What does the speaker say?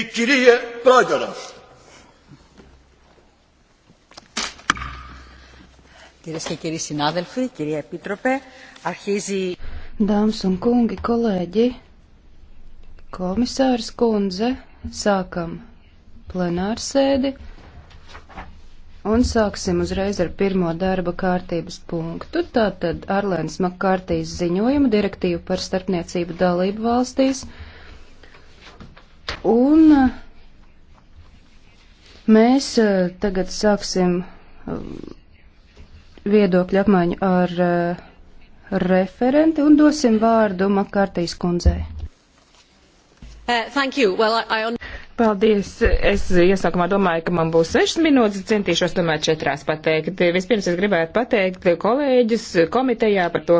Η κυρία Πρόεδρος. Κυρίες και κύριοι συνάδελφοι, κυρία Επίτροπε, αρχίζει... Dāmas un kungi, kolēģi, komisārs kundze, sākam plenārsēdi un sāksim uzreiz ar pirmo darba kārtības punktu. Tātad Arlēnas Makārtīs ziņojumu direktīvu par starpniecību dalību valstīs – Un uh, mēs uh, tagad sāksim um, viedokļu apmaiņu ar uh, referenti un dosim vārdu Makārtīs kundzei. Uh, well, I, I... Paldies. Es iesākumā domāju, ka man būs 6 minūtes, centīšos tomēr 4 pateikt. Vispirms es gribētu pateikt kolēģis komitejā par to,